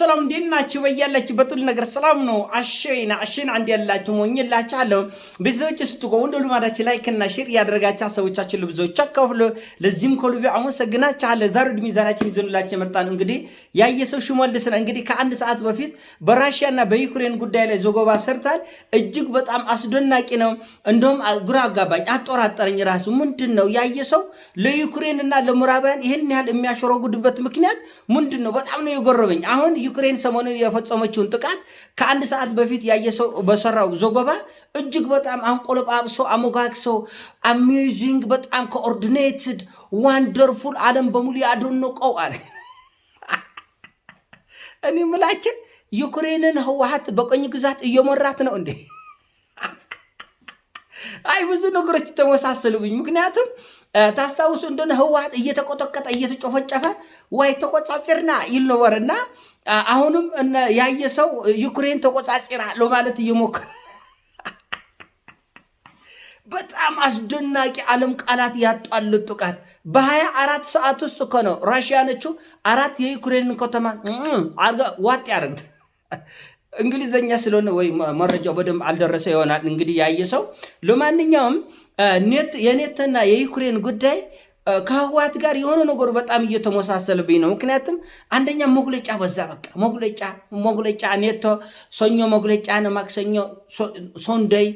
ሰላም እንዴት ናችሁ? በያላችሁበት ሁሉ ነገር ሰላም ነው። አሸይና አሸይና አንድ ያላችሁ ሞኝላችኋለሁ። ቤተሰቦች ስትቆ ወንዶ ልማዳችን ላይክ እና ሼር ያደረጋችሁ ሰዎቻችን ለብዙዎች አካፍሎ ለዚህም ከልቤ አመሰግናችኋለሁ። ዛሬ ሚዛናችን ይዘንላችሁ መጣን። እንግዲህ ያየ ሰው ሽመልስ እንግዲህ ከአንድ ሰዓት በፊት በራሽያና በዩክሬን ጉዳይ ላይ ዘገባ ሰርታል። እጅግ በጣም አስደናቂ ነው። እንደውም ግራ አጋባኝ፣ አጠራጠረኝ ራሱ ምንድን ነው ያየ ሰው ለዩክሬንና ለምዕራባውያን ይህን ያህል የሚያሸረጉድበት ምክንያት ምንድን ነው? በጣም ነው የጎረበኝ አሁን ዩክሬን ሰሞኑን የፈጸመችውን ጥቃት ከአንድ ሰዓት በፊት ያየ ሰው በሰራው ዘገባ እጅግ በጣም አንቆለጳብሶ አሞጋግሶ አሚዚንግ በጣም ኮኦርዲኔትድ ዋንደርፉል ዓለም በሙሉ ያደነቀው አለ። እኔ ምላችን ዩክሬንን ህወሓት በቀኝ ግዛት እየመራት ነው እንዴ? አይ ብዙ ነገሮች ተመሳሰሉብኝ። ምክንያቱም ታስታውሱ እንደሆነ ህወሓት እየተቆጠቀጠ እየተጨፈጨፈ ዋይ ተቆጻጽርና ይል ነበርና አሁንም ያየ ሰው ዩክሬን ተቆጻጽራለሁ ማለት እየሞከረ በጣም አስደናቂ ዓለም ቃላት ያጧል ጥቃት በሀያ አራት ሰዓት ውስጥ እኮ ነው ራሽያ ነችው አራት የዩክሬንን ከተማ ዋጥ ያደረግት። እንግሊዘኛ ስለሆነ ወይ መረጃው በደንብ አልደረሰ ይሆናል እንግዲህ ያየ ሰው። ለማንኛውም የኔትና የዩክሬን ጉዳይ ከህወሓት ጋር የሆነ ነገሩ በጣም እየተመሳሰልብኝ ነው። ምክንያቱም አንደኛ መግለጫ በዛ፣ በቃ መግለጫ መግለጫ ኔቶ ሰኞ መግለጫ ነው፣ ማክሰኞ፣ ሶንደይ፣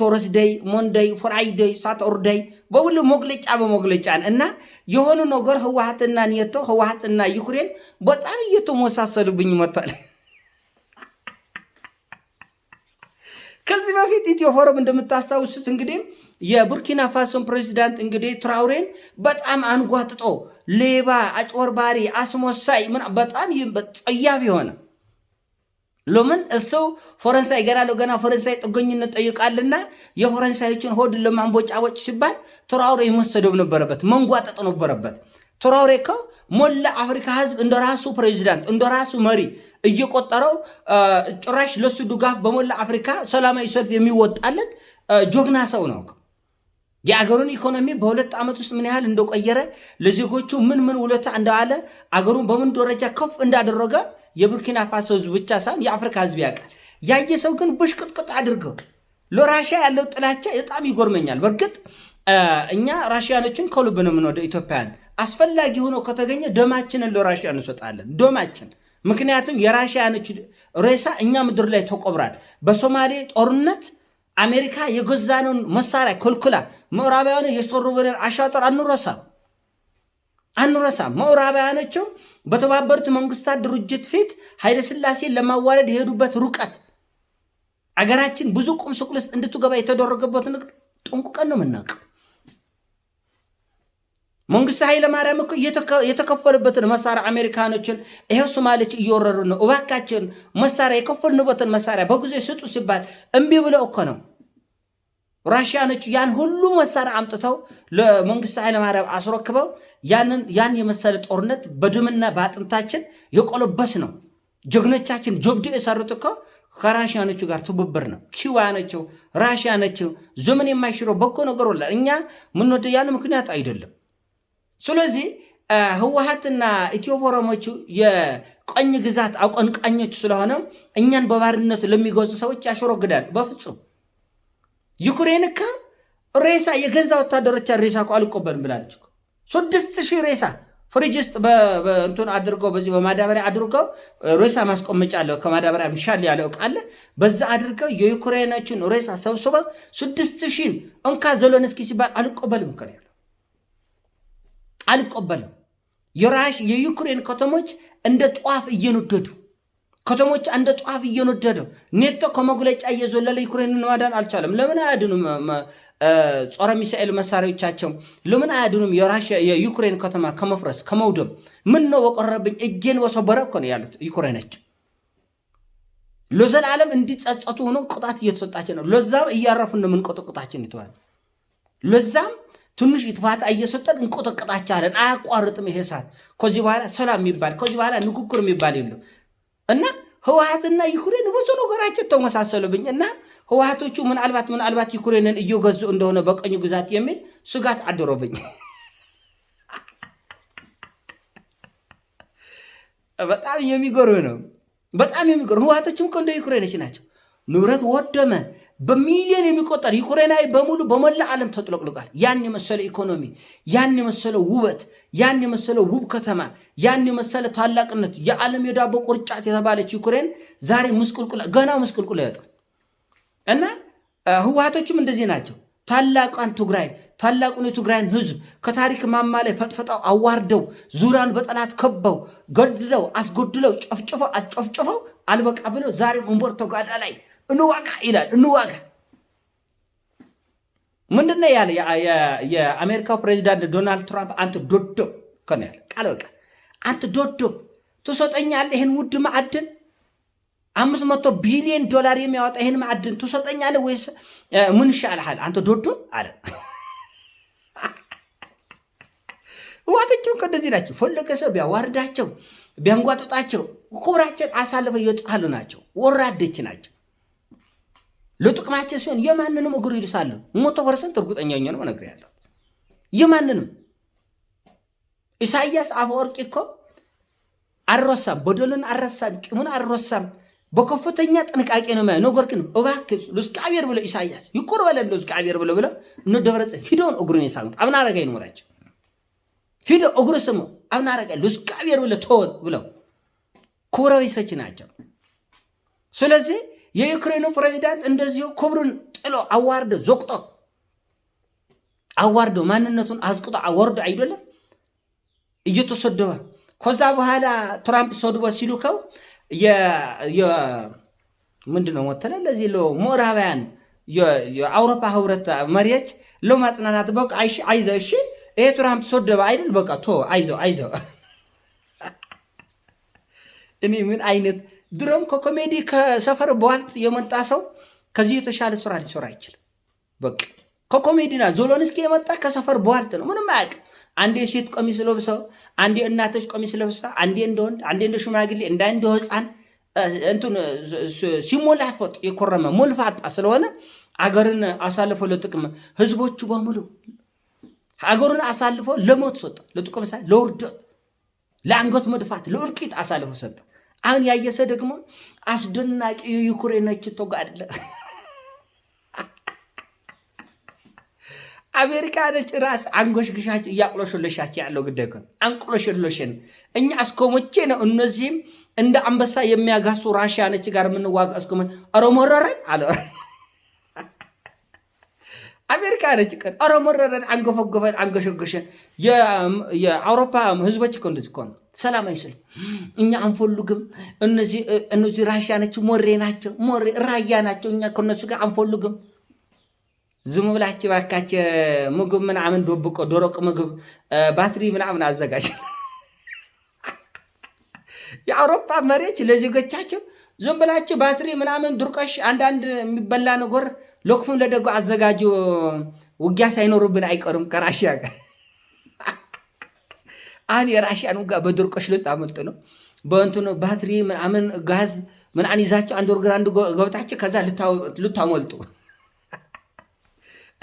ቶረስደይ፣ ሞንደይ፣ ፍራይደይ፣ ሳተርደይ በሁሉ መግለጫ በመግለጫ እና የሆነ ነገር ህወሓትና ኔቶ ህወሓትና ዩክሬን በጣም እየተመሳሰልብኝ መጥቷል። ከዚህ በፊት ኢትዮፎረም እንደምታስታውሱት እንግዲህ የቡርኪና ፋሶን ፕሬዚዳንት እንግዲህ ትራውሬን በጣም አንጓጥጦ ሌባ፣ አጭወርባሪ፣ አስሞሳይ በጣም ጸያፍ የሆነ ሎምን እሱ ፈረንሳይ ገና ለገና ፈረንሳይ ጥገኝነት ጠይቃልና የፈረንሳዮችን ሆድ ለማንቦጫቦጭ ሲባል ትራውሬ መሰደብ ነበረበት፣ መንጓጠጥ ነበረበት። ትራውሬ ከው ሞላ አፍሪካ ህዝብ እንደ ራሱ ፕሬዚዳንት እንደ ራሱ መሪ እየቆጠረው ጭራሽ ለሱ ድጋፍ በሞላ አፍሪካ ሰላማዊ ሰልፍ የሚወጣለት ጆግና ሰው ነው። የአገሩን ኢኮኖሚ በሁለት ዓመት ውስጥ ምን ያህል እንደቆየረ ለዜጎቹ ምን ምን ውለታ እንደዋለ አገሩን በምን ደረጃ ከፍ እንዳደረገ የቡርኪና ፋሶ ህዝብ ብቻ ሳይሆን የአፍሪካ ህዝብ ያውቃል። ያየ ሰው ግን ብሽቅጥቅጥ አድርገው ለራሽያ ያለው ጥላቻ በጣም ይጎርመኛል። በእርግጥ እኛ ራሽያኖችን ከልብ ነው የምንወደው። ኢትዮጵያን አስፈላጊ ሆኖ ከተገኘ ደማችንን ለራሽያ እንሰጣለን፣ ደማችን ምክንያቱም የራሽያኖች ሬሳ እኛ ምድር ላይ ተቆብራል። በሶማሌ ጦርነት አሜሪካ የገዛነውን መሳሪያ ኮልኩላ የሶሩ ብለን አሻጦር አንረሳ አንረሳ። ምዕራባውያኖቹ በተባበሩት መንግስታት ድርጅት ፊት ኃይለስላሴን ለማዋረድ የሄዱበት ሩቀት አገራችን ብዙ ቁም ስቅልስ እንድትገባ የተደረገበት ነገር ጠንቅቀን ነው የምናውቅ። መንግስቲ ኃይለ ማርያም እኮ የተከፈሉበትን መሳሪያ አሜሪካኖችን ይሄው ሶማሌች እየወረዱ ነው። እባካችን መሳሪያ የከፈልንበትን መሳሪያ በጊዜ ስጡ ሲባል እምቢ ብለው እኮ ነው። ራሽያኖች ያን ሁሉ መሳሪያ አምጥተው ለመንግስቲ ኃይለ ማርያም አስረክበው ያን የመሰለ ጦርነት በደምና በአጥንታችን የቆለበስ ነው። ጀግኖቻችን ጀብዱ የሰሩት እኮ ከራሽያኖቹ ጋር ትብብር ነው። ኪዋ ነችው ራሽያ ነችው። ዘመን የማይሽረው በጎ ነገር ወላ እኛ ምንወደ ያለ ምክንያት አይደለም። ስለዚህ ህወሀትና ኢትዮ ፎረሞቹ የቀኝ ግዛት አቆንቃኞች ስለሆነ እኛን በባርነት ለሚገዙ ሰዎች ያሸረግዳል። በፍጹም ዩክሬን እኮ ሬሳ የገዛ ወታደሮቿ ሬሳ እኮ አልቆበልም ብላለች። ስድስት ሺህ ሬሳ ፍሪጅ ውስጥ እንትን አድርገው በዚህ በማዳበሪያ አድርገው ሬሳ ማስቆመጫ አለው ከማዳበሪያ ምሻል ያለው ቃለ በዛ አድርገው የዩክሬኖችን ሬሳ ሰብስበው ስድስት ሺህን እንካ ዘሎንስኪ ሲባል አልቆበልም እኮ አልቀበልም። የዩክሬን ከተሞች እንደ ጠዋፍ እየነደዱ ከተሞች እንደ ጠዋፍ እየነደዱ ኔቶ ከመግለጫ እየዘለለ ዩክሬንን ማዳን አልቻለም። ለምን አያድኑም? ጸረ ሚሳኤል መሳሪያዎቻቸው ለምን አያድኑም? የዩክሬን ከተማ ከመፍረስ ከመውደም ምን ነው በቀረብኝ እጄን ወሰበረ እኮ ነው ያሉት ዩክሬኖች። ለዘላለም እንዲጸጸቱ ሆኖ ቅጣት እየተሰጣቸው ነው። ለዛም እያረፉ እንደምንቆጠቁጣችን ይተዋል። ለዛም ትንሽ ኢትፋታ እየሰጠን እንቆጠቀጣችኋለን። አያቋርጥም ይሄ እሳት። ከዚህ በኋላ ሰላም የሚባል ከዚህ በኋላ ንግግር የሚባል የለም እና ህወሀትና ዩክሬን ብዙ ነገራቸው ተመሳሰሉብኝ እና ህወሀቶቹ ምናልባት ምናልባት ዩክሬንን እየገዙ እንደሆነ በቀኝ ግዛት የሚል ስጋት አድሮብኝ በጣም የሚገርም ነው። በጣም የሚገርም ህወሓቶችም ከእንደ ዩክሬኖች ናቸው። ንብረት ወደመ በሚሊዮን የሚቆጠር ዩክሬናዊ በሙሉ በሞላ ዓለም ተጥለቅልቋል። ያን የመሰለ ኢኮኖሚ፣ ያን የመሰለ ውበት፣ ያን የመሰለ ውብ ከተማ፣ ያን የመሰለ ታላቅነት የዓለም የዳቦ ቁርጫት የተባለች ዩክሬን ዛሬ ምስቁልቁላ ገና ምስቁልቁላ አይወጣም እና ህወሓቶችም እንደዚህ ናቸው። ታላቋን ትግራይ ታላቁን የትግራይን ህዝብ ከታሪክ ማማ ላይ ፈጥፈጣው አዋርደው ዙሪያን በጠላት ከበው ገድለው አስጎድለው ጨፍጭፈው አስጨፍጭፈው አልበቃ ብለው ዛሬም እንቦር ተጓዳ ላይ እንዋጋ ይላል። እንዋጋ ምንድነ ያለ የአሜሪካው ፕሬዚዳንት ዶናልድ ትራምፕ አንተ ዶዶ ከነ ያለ ቃል በቃል አንተ ዶዶ ትሰጠኛለህ ይህን ውድ ማዕድን አምስት መቶ ቢሊዮን ዶላር የሚያወጣ ይህን ማዕድን ትሰጠኛለህ ወይስ ምን ይሻልሃል አንተ ዶዶ አለ። ዋተቸው እኮ ናቸው። ፈለገ ሰው ቢያዋርዳቸው ቢያንጓጥጣቸው ክብራቸውን አሳልፈ የጣሉ ናቸው። ወራደች ናቸው። ለጥቅማቸው ሲሆን የማንንም እግሩ ይልሳሉ። ሞቶ ፐርሰንት እርግጠኛ ነው ነው እነግርሃለሁ። የማንንም ኢሳያስ አፈወርቂ እኮ አልረሳም፣ በደሉን አልረሳም፣ ቂሙን አልረሳም። በከፍተኛ ጥንቃቄ ነው የሚያዩ ነገር ግን እባክህ ለእግዚአብሔር ብሎ ኢሳያስ ይቁር በለን ለእግዚአብሔር ብሎ ብሎ እነ ደብረጽዮን ሂደውን እግሩን የሳሙት አብና አረጋዊ ነው ሂደ ሂዶ እግሩ ስሙ አብና አረጋዊ ለእግዚአብሔር ብሎ ተወን ብለው ክቡረ ቢሶች ናቸው። ስለዚህ የዩክሬኑ ፕሬዚዳንት እንደዚሁ ክብሩን ጥሎ አዋርዶ ዘቅጦ አዋርዶ ማንነቱን አስቅጦ አወርዶ አይደለም እየተሰደበ ከዛ በኋላ ትራምፕ ሰድቦ ሲልከው ምንድን ነው ወተለ ለዚህ ምዕራባውያን የአውሮፓ ህብረት መሪዎች ለማጽናናት በቃ አይዞ እሺ፣ ይሄ ትራምፕ ሰደበ አይደል በቃ ቶ አይዞ አይዞ እኔ ምን አይነት ድሮም ከኮሜዲ ከሰፈር በኋላ የመጣ ሰው ከዚህ የተሻለ ስራ ሊሰራ አይችልም። በቃ ከኮሜዲና ዞሎንስኪ የመጣ ከሰፈር በኋላ ነው። ምንም አያውቅም። አንዴ ሴት ቀሚስ ለብሰው፣ አንዴ እናቶች ቀሚስ ለብሳ፣ አንዴ እንደ ወንድ፣ አንዴ እንደ ሽማግሌ፣ እንደ አንድ ሕፃን እንትን ሲሞላፈጥ የኮረመ ሞልፋጣ ስለሆነ አገርን አሳልፎ ለጥቅም ህዝቦቹ በሙሉ አገሩን አሳልፎ ለሞት ሰጠ። ለጥቅም ሳይ ለውርደት፣ ለአንገት መድፋት፣ ለእልቂት አሳልፎ ሰጠ። አሁን ያየሰ ደግሞ አስደናቂ አለ። አሜሪካ አሜሪካኖች ራስ አንጎሽግሻች እያቅሎሽሎሻች ያለው ግዳይ አንቅሎሽሎሽን እኛ እስከሞቼ ነው። እነዚህም እንደ አንበሳ የሚያጋሱ ራሽያ ራሽያኖች ጋር የምንዋጋ እስከመ ኦሮሞረረን አለ አሜሪካ አሜሪካኖች ቀን ኦሮሞረረን አንጎፈጎፈን አንገሸገሸን የአውሮፓ ህዝቦች ኮንዱት ኮን ሰላም አይስልም። እኛ አንፈልግም። እነዚህ ራሽያ ናቸው፣ ሞሬ ናቸው፣ ሞሬ ራያ ናቸው። እኛ ከነሱ ጋር አንፈልግም። ዝም ብላችሁ ባካች ምግብ ምናምን ዶብቆ ደረቅ ምግብ ባትሪ ምናምን አዘጋጅ። የአውሮፓ መሬት ለዜጎቻቸው ዝም ብላችሁ ባትሪ ምናምን ድርቀሽ አንዳንድ የሚበላ ነገር ለክፉም ለደጎ አዘጋጁ። ውጊያ ሳይኖሩብን አይቀሩም ከራሽያ ጋር አን የራሽያን ውጋ በድርቆሽ አመልጥ ነው። በእንትኑ ባትሪ ምናምን ጋዝ ምናምን ይዛቸው አንድ ወርግራንድ ገብታቸው ከዛ ልታመልጡ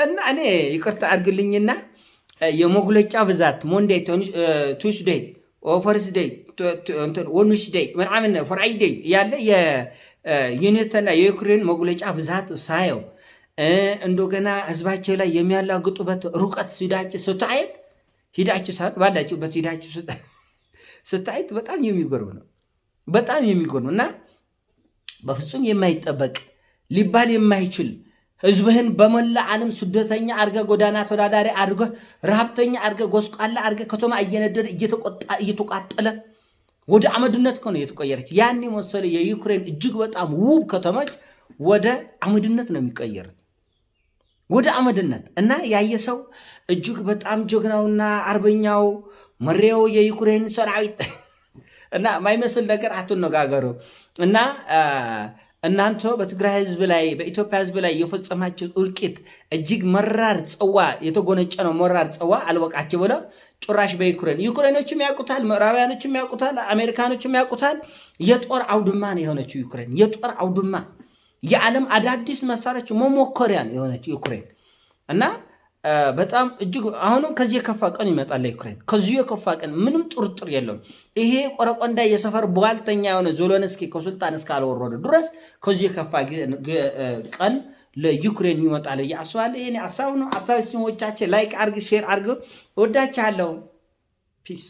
እና እኔ ይቅርታ አድርግልኝና የመግለጫ ብዛት ሞንዴይ፣ ቱስዴይ፣ ፈርስዴይ፣ ወንስዴይ ምናምን ደይ ያለ የዩኔትና የዩክሬን መግለጫ ብዛት ሳየው እንደገና ህዝባቸው ላይ የሚያላግጡበት ሩቀት ሲዳጭ ስታየት ሂዳችሁ ሳይሆን ባላችሁበት ሂዳችሁ ስታይት በጣም የሚጎርም ነው። በጣም የሚጎርም እና በፍጹም የማይጠበቅ ሊባል የማይችል ህዝብህን በመላ ዓለም ስደተኛ አርገ ጎዳና ተዳዳሪ አድርገ ረሃብተኛ አርገ ጎስቋላ አርገ ከተማ እየነደደ እየተቋጠለ ወደ አመድነት ከሆነ እየተቀየረች። ያን የመሰለ የዩክሬን እጅግ በጣም ውብ ከተማች ወደ አመድነት ነው የሚቀየሩት። ወደ አመድነት እና ያየ ሰው እጅግ በጣም ጀግናውና አርበኛው መሬው የዩክሬን ሰራዊት እና ማይመስል ነገር አትነጋገሩ እና እናንተ በትግራይ ህዝብ ላይ በኢትዮጵያ ህዝብ ላይ የፈጸማቸው እልቂት እጅግ መራር ጽዋ ነው መራር ጽዋ አልወቃቸው ብለው ጭራሽ በዩክሬን ዩክሬኖችም ያውቁታል፣ ምዕራባውያኖችም ያውቁታል፣ አሜሪካኖችም ያውቁታል። የጦር አውድማ ነው የሆነችው ዩክሬን የጦር አውድማ የዓለም አዳዲስ መሳሪያዎች መሞከሪያን የሆነች ዩክሬን እና በጣም እጅግ አሁንም ከዚህ የከፋ ቀን ይመጣል። ለዩክሬን ከዚሁ የከፋ ቀን ምንም ጥርጥር የለውም። ይሄ ቆረቆንዳ የሰፈር በዋልተኛ የሆነ ዞሎንስኪ ከሱልጣን እስካልወረዱ ድረስ ከዚሁ የከፋ ቀን ለዩክሬን ይመጣል ብዬ አስባለሁ። ይሄ ሀሳብ ነው። ሀሳብ ስሞቻችን ላይክ አርግ፣ ሼር አርግ። ወዳቻለው ፒስ